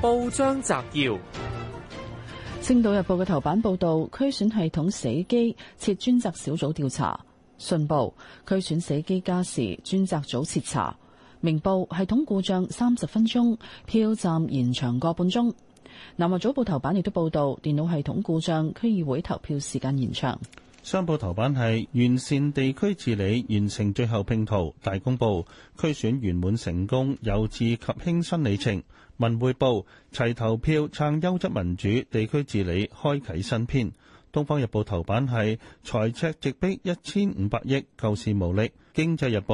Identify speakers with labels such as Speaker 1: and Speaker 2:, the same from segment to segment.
Speaker 1: 報章摘要：《星島日報》嘅頭版報道區選系統死機，設專責小組調查；《信報》區選死機加時，專責組徹查；《明報》系統故障三十分鐘，票站延長個半鐘。《南華早報》頭版亦都報道電腦系統故障，區議會投票時間延長。
Speaker 2: 商報頭版係完善地區治理完成最後拼圖。大公報區選圓滿成功，有志及輕新里程。文匯報齊投票撐優，優質民主地區治理開啟新篇。東方日報頭版係財赤直逼一千五百億，救市無力。《經濟日報》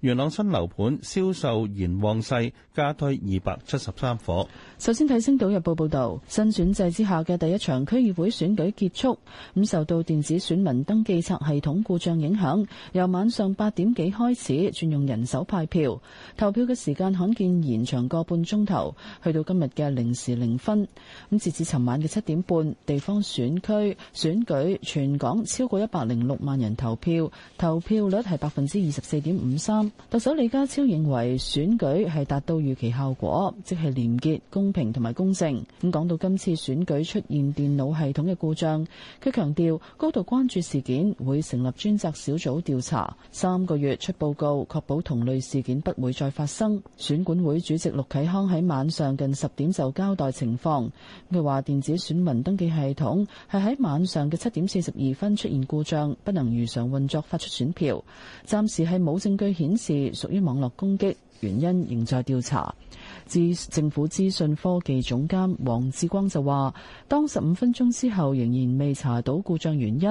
Speaker 2: 元朗新樓盤銷售延旺勢，加推二百七十三伙。
Speaker 1: 首先睇《星島日報》報導，新選制之下嘅第一場區議會選舉結束。咁受到電子選民登記冊系統故障影響，由晚上八點幾開始轉用人手派票，投票嘅時間罕見延長個半鐘頭，去到今日嘅零時零分。咁截至尋晚嘅七點半，地方選區選舉全港超過一百零六萬人投票，投票率係百分之二十四點五三，特首李家超認為選舉係達到預期效果，即係廉潔、公平同埋公正。咁講到今次選舉出現電腦系統嘅故障，佢強調高度關注事件，會成立專責小組調查，三個月出報告，確保同類事件不會再發生。選管會主席陸啟康喺晚上近十點就交代情況，佢話電子選民登記系統係喺晚上嘅七點四十二分出現故障，不能如常運作發出選票，暫。時是係冇證據顯示屬於網絡攻擊，原因仍在調查。至政府資訊科技總監黃志光就話，當十五分鐘之後仍然未查到故障原因，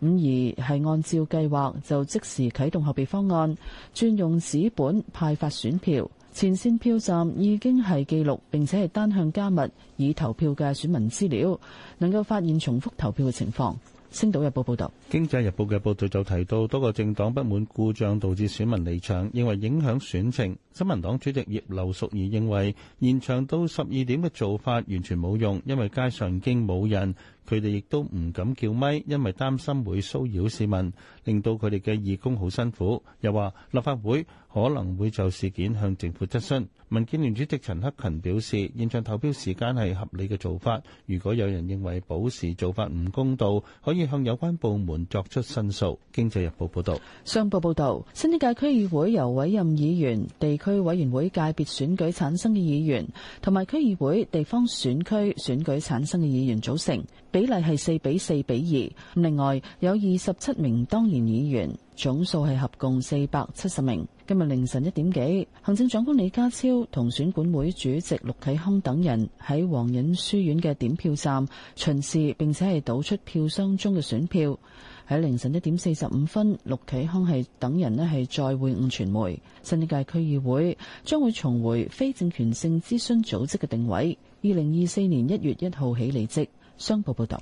Speaker 1: 五而係按照計劃就即時啟動後備方案，轉用紙本派發選票。前線票站已經係記錄並且係單向加密已投票嘅選民資料，能夠發現重複投票嘅情況。星島日報報道，
Speaker 2: 經濟日報嘅報道就提到多個政黨不滿故障導致選民離場，認為影響選情。新民黨主席葉劉淑儀認為延長到十二點嘅做法完全冇用，因為街上已經冇人。佢哋亦都唔敢叫咪，因為擔心會騷擾市民，令到佢哋嘅義工好辛苦。又話立法會可能會就事件向政府質詢。民建聯主席陳克勤表示，現場投票時間係合理嘅做法。如果有人認為保時做法唔公道，可以向有關部門作出申訴。經濟日報報道，
Speaker 1: 商報報道，新一屆區議會由委任議員、地區委員會界別選舉產生嘅議員，同埋區議會地方選區選舉產生嘅議員組成。比例係四比四比二，另外有二十七名當然議員，總數係合共四百七十名。今日凌晨一點幾，行政長官李家超同選管會主席陸啟康等人喺皇仁書院嘅點票站巡視，並且係倒出票箱中嘅選票。喺凌晨一點四十五分，陸啟康係等人咧係再會晤傳媒。新一屆區議會將會重回非政權性諮詢組織嘅定位。二零二
Speaker 2: 四年一月一號起離職。商報報導，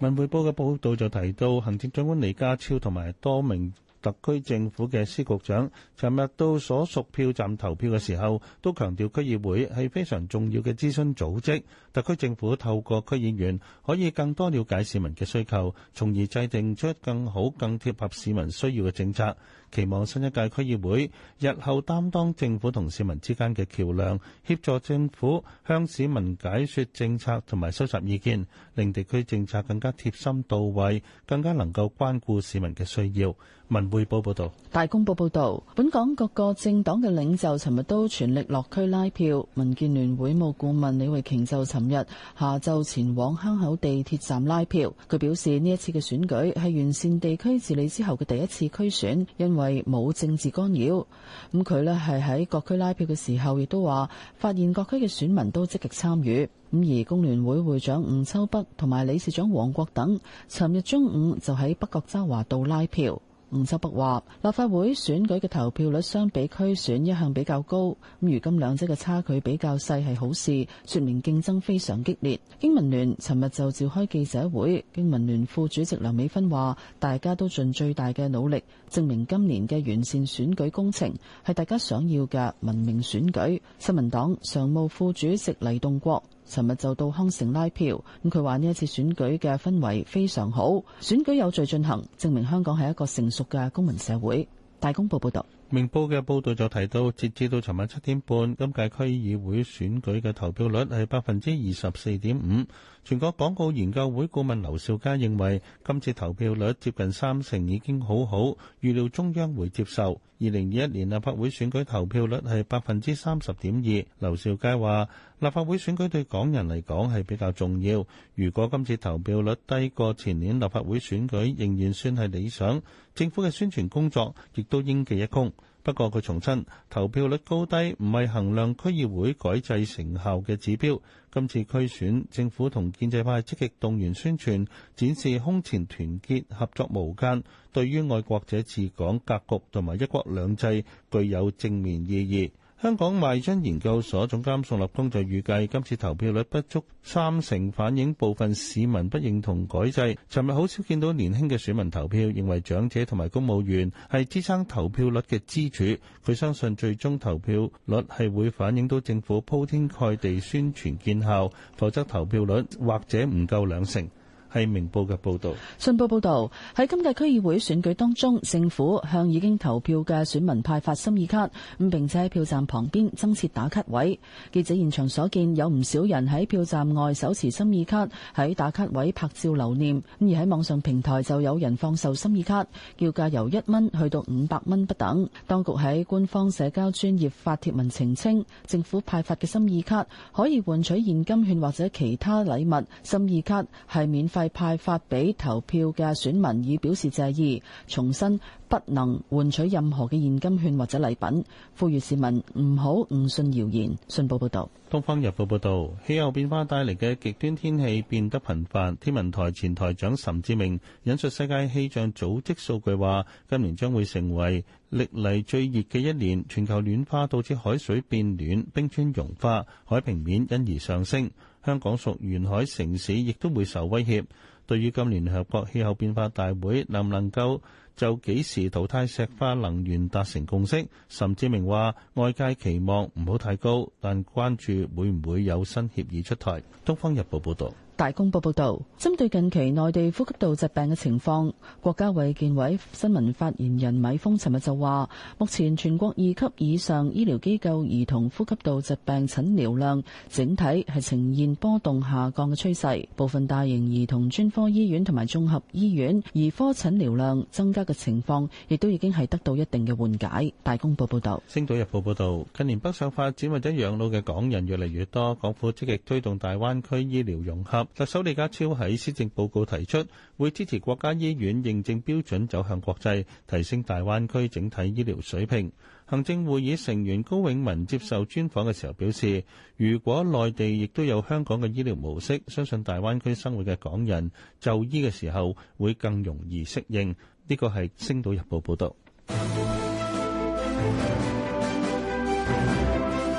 Speaker 2: 文匯報嘅報導就提到，行政長官李家超同埋多名特區政府嘅司局長尋日到所屬票站投票嘅時候，都強調區議會係非常重要嘅諮詢組織，特區政府透過區議員可以更多了解市民嘅需求，從而制定出更好、更貼合市民需要嘅政策。期望新一屆區議會日後擔當政府同市民之間嘅橋樑，協助政府向市民解說政策同埋收集意見，令地區政策更加貼心到位，更加能夠關顧市民嘅需要。文匯報報道，
Speaker 1: 大公報報道，本港各個政黨嘅領袖尋日都全力落區拉票。民建聯會務顧問李慧瓊就尋日下晝前往坑口地鐵站拉票。佢表示呢一次嘅選舉係完善地區治理之後嘅第一次區選，因為係冇政治干擾，咁佢咧係喺各區拉票嘅時候，亦都話發現各區嘅選民都積極參與，咁而工聯會會長吳秋北同埋理事長黃國等，尋日中午就喺北角渣華道拉票。吳秋北話：立法會選舉嘅投票率相比區選一向比較高，咁如今兩者嘅差距比較細係好事，說明競爭非常激烈。經民聯尋日就召開記者會，經民聯副主席梁美芬話：大家都盡最大嘅努力，證明今年嘅完善選舉工程係大家想要嘅文明選舉。新民黨常務副主席黎棟國。尋日就到康城拉票，咁佢話呢一次選舉嘅氛圍非常好，選舉有序進行，證明香港係一個成熟嘅公民社會。大公報報道。
Speaker 2: 明報嘅報道就提到，截至到尋晚七點半，今屆區議會選舉嘅投票率係百分之二十四點五。全國港澳研究會顧問劉兆佳認為，今次投票率接近三成已經好好，預料中央會接受。二零二一年立法會選舉投票率係百分之三十點二。劉兆佳話：立法會選舉對港人嚟講係比較重要。如果今次投票率低過前年立法會選舉，仍然算係理想。政府嘅宣傳工作亦都應記一功。不過，佢重申投票率高低唔係衡量區議會改制成效嘅指標。今次區選，政府同建制派積極動員宣傳，展示空前團結合作無間，對於愛國者治港格局同埋一國兩制具有正面意義。香港邁臻研究所總監宋立功就預計今次投票率不足三成，反映部分市民不認同改制。尋日好少見到年輕嘅選民投票，認為長者同埋公務員係支撐投票率嘅支柱。佢相信最終投票率係會反映到政府鋪天蓋地宣傳見效，否則投票率或者唔夠兩成。係明報嘅報導。
Speaker 1: 信報報導，喺今屆區議會選舉當中，政府向已經投票嘅選民派發心意卡，咁並且喺票站旁邊增設打卡位。記者現場所見，有唔少人喺票站外手持心意卡喺打卡位拍照留念，咁而喺網上平台就有人放售心意卡，叫價由一蚊去到五百蚊不等。當局喺官方社交專頁發帖文澄清，政府派發嘅心意卡可以換取現金券或者其他禮物，心意卡係免費，派發俾投票嘅選民，以表示謝意，重申不能換取任何嘅現金券或者禮品，呼籲市民唔好誤信謠言。信報報道。
Speaker 2: 東方日報報道，氣候變化帶嚟嘅極端天氣變得頻繁。天文台前台長岑志明引述世界氣象組織數據話，今年將會成為歷嚟最熱嘅一年。全球暖化導致海水變暖、冰川融化、海平面因而上升。香港屬沿海城市，亦都會受威脅。對於今年聯合國氣候變化大會能唔能夠就幾時淘汰石化能源達成共識，岑智明話：外界期望唔好太高，但關注會唔會有新協議出台。《東方日報，報道》報導。
Speaker 1: 大公報報導，針對近期內地呼吸道疾病嘅情況，國家衛健委新聞發言人米峰尋日就話：目前全國二級以上醫療機構兒童呼吸道疾病診療量整體係呈現波動下降嘅趨勢，部分大型兒童專科醫院同埋綜合醫院兒科診療量增加嘅情況，亦都已經係得到一定嘅緩解。大公報報導，
Speaker 2: 《星島日報》報導，近年北上發展或者養老嘅港人越嚟越多，港府積極推動大灣區醫療融合。特首李家超喺施政報告提出，會支持國家醫院認證標準走向國際，提升大灣區整體醫療水平。行政會議成員高永文接受專訪嘅時候表示，如果內地亦都有香港嘅醫療模式，相信大灣區生活嘅港人就醫嘅時候會更容易適應。呢個係《星島日報》報道。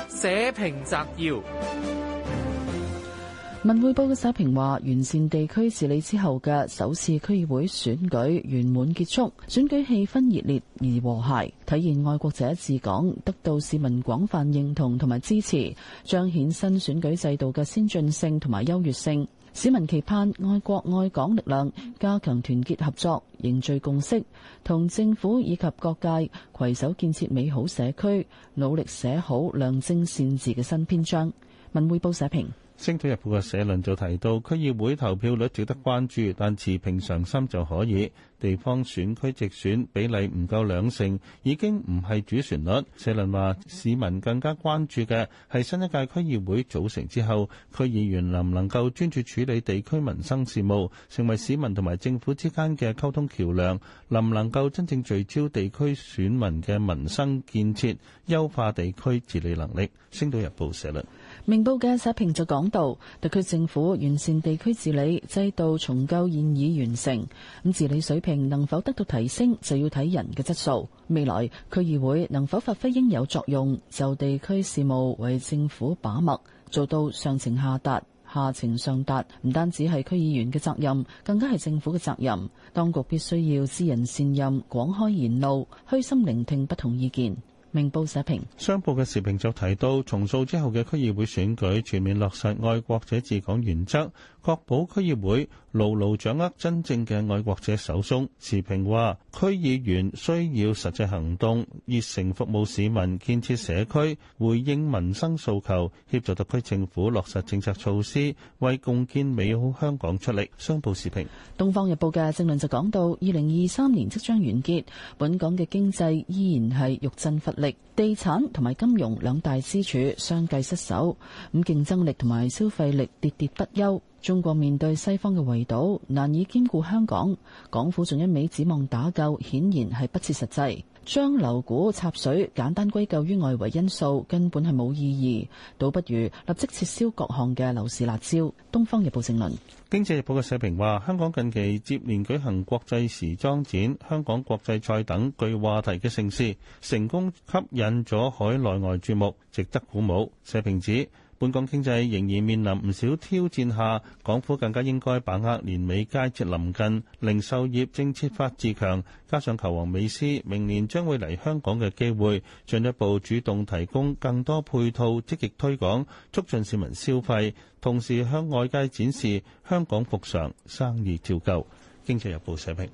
Speaker 1: 社評摘要。文匯報嘅社評話：完善地區治理之後嘅首次區議會選舉圓滿結束，選舉氣氛熱烈而和諧，體現愛國者治港得到市民廣泛認同同埋支持，彰顯新選舉制度嘅先進性同埋優越性。市民期盼愛國愛港力量加強團結合作，凝聚共識，同政府以及各界携手建設美好社區，努力寫好良政善治嘅新篇章。文匯報社評。
Speaker 2: 星島日報嘅社論就提到，區議會投票率值得關注，但持平常心就可以。地方選區直選比例唔夠兩成，已經唔係主旋律。社論話 Okay. 市民更加關注嘅係新一屆區議會組成之後區議員能唔能夠專注處理地區民生事務，成為市民同埋政府之間嘅溝通橋樑，能唔能夠真正聚焦地區選民嘅民生建設，優化地區治理能力。星島日報社論。
Speaker 1: 明報嘅社評就講到，特區政府完善地區治理制度，重構現已完成。咁治理水平能否得到提升，就要睇人嘅質素。未來區議會能否發揮應有作用，就地區事務為政府把脈，做到上情下達、下情上達，唔單止係區議員嘅責任，更加係政府嘅責任。當局必須要知人善任，廣開言路，虛心聆聽不同意見。明報社評。
Speaker 2: 商報嘅時評就提到，重塑之後嘅區議會選舉全面落實愛國者治港原則，確保區議會牢牢掌握真正嘅愛國者手中。時評話，區議員需要實際行動，熱誠服務市民，建設社區，回應民生訴求，協助特區政府落實政策措施，為共建美好香港出力。商報時評。
Speaker 1: 《東方日報》嘅正論就講到，二零二三年即將完結，本港嘅經濟依然係欲振乏地產同埋金融兩大支柱相繼失守，咁競爭力同埋消費力跌跌不休。中國面對西方嘅圍堵，難以兼顧香港，港府仲一味指望打救，顯然係不切實際。將樓股插水簡單歸咎於外圍因素，根本係冇意義，倒不如立即撤銷各項嘅樓市辣招。東方日報正論。
Speaker 2: 經濟日報嘅社評話，香港近期接連舉行國際時裝展、香港國際賽等具話題嘅盛事，成功吸引咗海內外注目，值得鼓舞。社評指，本港經濟仍然面臨唔少挑戰下，港府更加應該把握年尾佳節臨近，零售業政策發自強，加上球王美斯明年將會嚟香港嘅機會，進一步主動提供更多配套，積極推廣，促進市民消費，同時向外界展示香港復常，生意照舊。經濟日報社評。